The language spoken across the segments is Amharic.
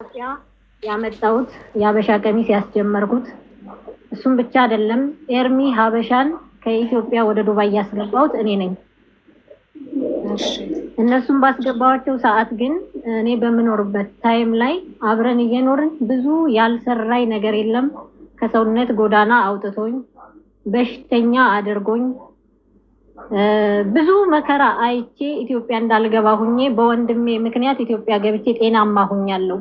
ኢትዮጵያ ያመጣሁት የሀበሻ ቀሚስ ያስጀመርኩት እሱም ብቻ አይደለም፣ ኤርሚ ሀበሻን ከኢትዮጵያ ወደ ዱባይ ያስገባሁት እኔ ነኝ። እነሱም ባስገባቸው ሰዓት ግን እኔ በምኖርበት ታይም ላይ አብረን እየኖርን ብዙ ያልሰራኝ ነገር የለም። ከሰውነት ጎዳና አውጥቶኝ በሽተኛ አድርጎኝ ብዙ መከራ አይቼ ኢትዮጵያ እንዳልገባ ሁኜ በወንድሜ ምክንያት ኢትዮጵያ ገብቼ ጤናማ ሁኛለሁ።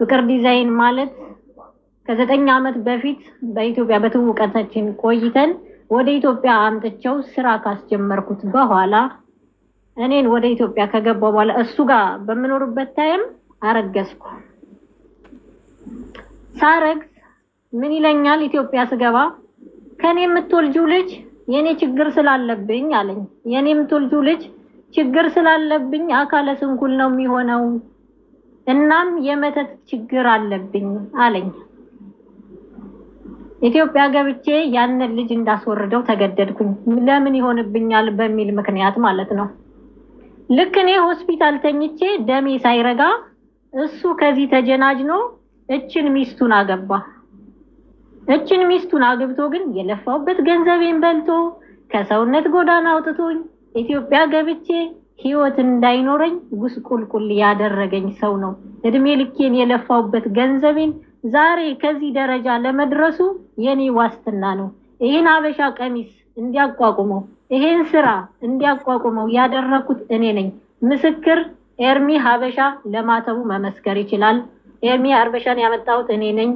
ፍቅር ዲዛይን ማለት ከዘጠኝ ዓመት በፊት በኢትዮጵያ በትውቀታችን ቆይተን ወደ ኢትዮጵያ አምጥቼው ስራ ካስጀመርኩት በኋላ እኔን ወደ ኢትዮጵያ ከገባው በኋላ እሱ ጋር በምኖርበት ታይም አረገዝኩ። ሳረግዝ ምን ይለኛል? ኢትዮጵያ ስገባ ከኔ የምትወልጂው ልጅ የኔ ችግር ስላለብኝ አለኝ። የኔ የምትወልጂው ልጅ ችግር ስላለብኝ አካለ ስንኩል ነው የሚሆነው እናም የመተት ችግር አለብኝ አለኝ። ኢትዮጵያ ገብቼ ያንን ልጅ እንዳስወርደው ተገደድኩኝ። ለምን ይሆንብኛል በሚል ምክንያት ማለት ነው። ልክ እኔ ሆስፒታል ተኝቼ ደሜ ሳይረጋ እሱ ከዚህ ተጀናጅኖ እችን ሚስቱን አገባ። እችን ሚስቱን አግብቶ ግን የለፋውበት ገንዘቤን በልቶ ከሰውነት ጎዳና አውጥቶኝ ኢትዮጵያ ገብቼ ህይወት እንዳይኖረኝ ጉስቁልቁል ያደረገኝ ሰው ነው። እድሜ ልኬን የለፋውበት ገንዘቤን ዛሬ ከዚህ ደረጃ ለመድረሱ የኔ ዋስትና ነው። ይህን ሀበሻ ቀሚስ እንዲያቋቁመው፣ ይሄን ስራ እንዲያቋቁመው ያደረኩት እኔ ነኝ። ምስክር ኤርሚ ሀበሻ ለማተቡ መመስከር ይችላል። ኤርሚ ሀበሻን ያመጣሁት እኔ ነኝ።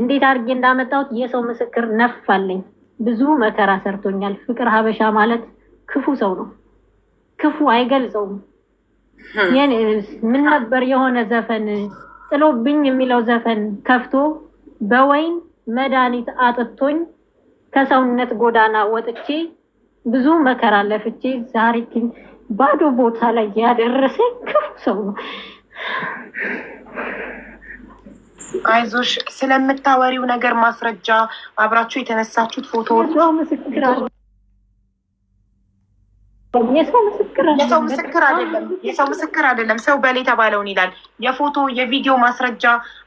እንዴት አድርጌ እንዳመጣሁት የሰው ምስክር ነፋለኝ። ብዙ መከራ ሰርቶኛል። ፍቅር ሀበሻ ማለት ክፉ ሰው ነው። ክፉ አይገልጸውም። ምን ነበር የሆነ ዘፈን ጥሎብኝ የሚለው ዘፈን ከፍቶ በወይን መድኃኒት አጥቶኝ ከሰውነት ጎዳና ወጥቼ ብዙ መከራ ለፍቼ ዛሬ ባዶ ቦታ ላይ ያደረሰ ክፉ ሰው ነው። አይዞሽ፣ ስለምታወሪው ነገር ማስረጃ አብራችሁ የተነሳችሁት ፎቶ ምስክር የሰው ምስክር አይደለም። የሰው ምስክር አይደለም። ሰው በል የተባለውን ይላል። የፎቶ የቪዲዮ ማስረጃ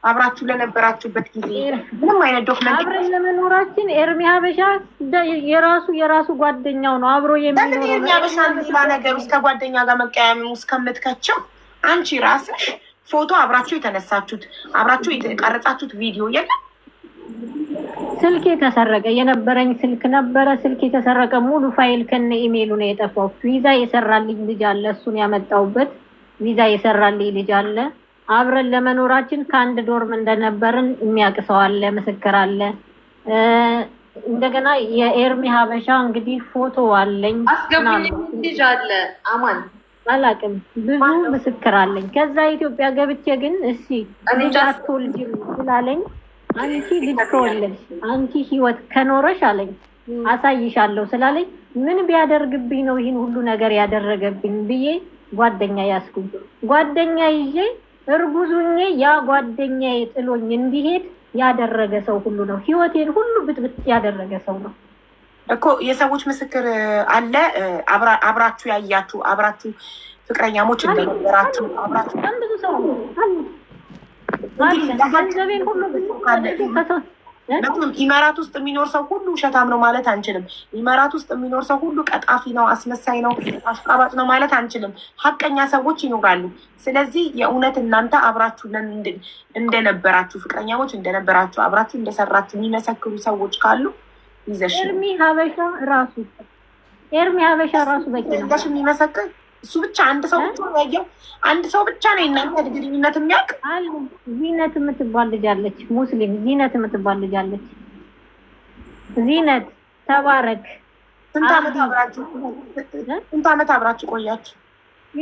አብራችሁ ለነበራችሁበት ጊዜ ምንም አይነት ዶክመንት አብረን ለመኖራችን ኤርሚ ሀበሻ የራሱ የራሱ ጓደኛው ነው አብሮ የሚኖረው። ኤርሚ ሀበሻ ሌላ ነገር ውስጥ ከጓደኛ ጋር መቀያሚ ውስጥ ከምትከቸው አንቺ ራስሽ ፎቶ አብራችሁ የተነሳችሁት አብራችሁ የተቀረጻችሁት ቪዲዮ የለም ስልክ የተሰረቀ የነበረኝ ስልክ ነበረ። ስልክ የተሰረቀ ሙሉ ፋይል ከነ ኢሜይሉ ነው የጠፋው። ቪዛ የሰራልኝ ልጅ አለ፣ እሱን ያመጣውበት ቪዛ የሰራልኝ ልጅ አለ። አብረን ለመኖራችን ከአንድ ዶርም እንደነበርን የሚያውቅ ሰው አለ፣ ምስክር አለ። እንደገና የኤርሚ ሀበሻ እንግዲህ ፎቶ አለኝ፣ ልጅ አለ፣ አማን አላቅም፣ ብዙ ምስክር አለኝ። ከዛ ኢትዮጵያ ገብቼ ግን እሺ ልጅ አትወልጅም ስላለኝ አንቺ ልጅ ከወለድሽ አንቺ ህይወት ከኖረሽ አለኝ አሳይሻለሁ ስላለኝ ምን ቢያደርግብኝ ነው ይህን ሁሉ ነገር ያደረገብኝ ብዬ ጓደኛ ያስኩኝ። ጓደኛ ይዤ እርጉዙኜ ያ ጓደኛ ጥሎኝ እንዲሄድ ያደረገ ሰው ሁሉ ነው። ህይወቴን ሁሉ ብጥብጥ ያደረገ ሰው ነው እኮ። የሰዎች ምስክር አለ። አብራችሁ ያያችሁ፣ አብራችሁ ፍቅረኛሞች እንደነበራችሁ፣ አብራችሁ ብዙ ሰው ኢመራት ውስጥ የሚኖር ሰው ሁሉ ውሸታም ነው ማለት አንችልም። ኢማራት ውስጥ የሚኖር ሰው ሁሉ ቀጣፊ ነው፣ አስመሳይ ነው፣ አሽቃባጭ ነው ማለት አንችልም። ሀቀኛ ሰዎች ይኖራሉ። ስለዚህ የእውነት እናንተ አብራችሁ እንደነበራችሁ ፍቅረኛሞች እንደነበራችሁ አብራችሁ እንደሰራችሁ የሚመሰክሩ ሰዎች ካሉ ይዘሽ ኤርሚ ሀበሻ ራሱ ኤርሚ ሀበሻ ራሱ በቂ ነው የሚመሰክር እሱ ብቻ አንድ ሰው ብቻ ያየው አንድ ሰው ብቻ ነው የእናንተ ግንኙነት የሚያውቅ። ዚነት የምትባል ልጅ አለች፣ ሙስሊም ዚነት የምትባል ልጅ አለች። ዚነት ተባረክ። ስንት ዓመት አብራችሁ ቆያችሁ?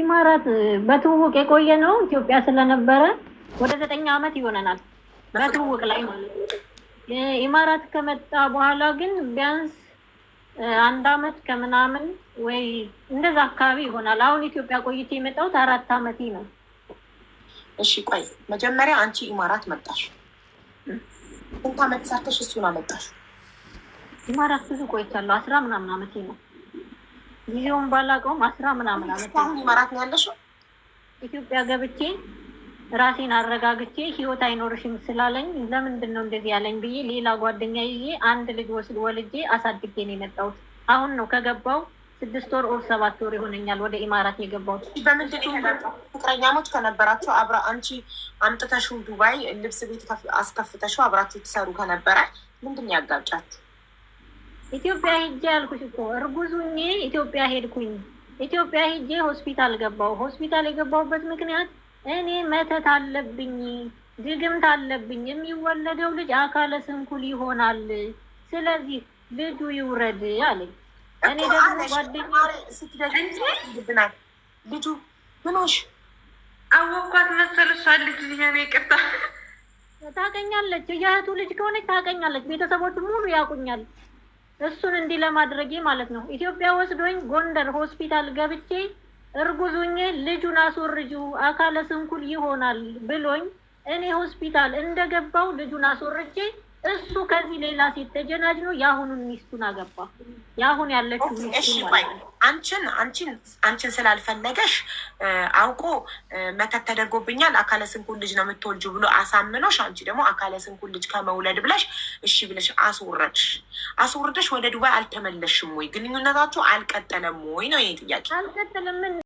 ኢማራት በትውውቅ የቆየ ነው ኢትዮጵያ ስለነበረ ወደ ዘጠኝ ዓመት ይሆነናል በትውውቅ ላይ ማለት። ነው። ኢማራት ከመጣ በኋላ ግን ቢያንስ አንድ አመት ከምናምን ወይ እንደዛ አካባቢ ይሆናል። አሁን ኢትዮጵያ ቆይቼ የመጣሁት አራት አመቴ ነው። እሺ ቆይ መጀመሪያ አንቺ ኢማራት መጣሽ፣ ስንት አመት ሰርተሽ እሱን አመጣሽ? ኢማራት ብዙ ቆይቻለሁ። አስራ ምናምን አመቴ ነው። ጊዜውን ባላውቀውም አስራ ምናምን አመት። አሁን ኢማራት ነው ያለሽው? ኢትዮጵያ ገብቼ ራሴን አረጋግቼ ህይወት አይኖርሽም ስላለኝ ለምንድን ነው እንደዚህ ያለኝ ብዬ ሌላ ጓደኛ ይዤ አንድ ልጅ ወስድ ወልጄ አሳድጌ ነው የመጣሁት። አሁን ነው ከገባው ስድስት ወር ኦር ሰባት ወር ይሆነኛል ወደ ኢማራት የገባሁት። ፍቅረኛሞች ከነበራቸው አብራ አንቺ አምጥተሽው ዱባይ ልብስ ቤት አስከፍተሽው አብራችሁ ትሰሩ ከነበረ ምንድን ነው ያጋጫችሁ? ኢትዮጵያ ሄጄ ያልኩሽ እኮ እርጉዙኜ ኢትዮጵያ ሄድኩኝ። ኢትዮጵያ ሄጄ ሆስፒታል ገባው ሆስፒታል የገባሁበት ምክንያት እኔ መተት አለብኝ፣ ድግምት አለብኝ። የሚወለደው ልጅ አካለ ስንኩል ይሆናል። ስለዚህ ልጁ ይውረድ አለኝ። እኔ ደግሞ ጓደኛ ልጁ ምኖሽ አወኳት መሰለሽ ልጅ ሊሆነ ይቅርታ ታቀኛለች። የእህቱ ልጅ ከሆነች ታቀኛለች። ቤተሰቦች ሙሉ ያቁኛል እሱን እንዲህ ለማድረጌ ማለት ነው። ኢትዮጵያ ወስዶኝ ጎንደር ሆስፒታል ገብቼ እርጉዙኝ ልጁን አስወርጂው አካለ ስንኩል ይሆናል ብሎኝ እኔ ሆስፒታል እንደገባው ልጁን አስወርጄ እሱ ከዚህ ሌላ ሴት ተጀናጅ ነው የአሁኑን ሚስቱን አገባ። የአሁን ያለችው አንቺን አንቺን አንቺን ስላልፈለገሽ አውቆ መተት ተደርጎብኛል አካለ ስንኩል ልጅ ነው የምትወልጁ ብሎ አሳምኖሽ፣ አንቺ ደግሞ አካለ ስንኩል ልጅ ከመውለድ ብለሽ እሺ ብለሽ አስወረድሽ። አስወርደሽ ወደ ዱባይ አልተመለሽም ወይ? ግንኙነታችሁ አልቀጠለም ወይ ነው ይሄ ጥያቄ። አልቀጠለም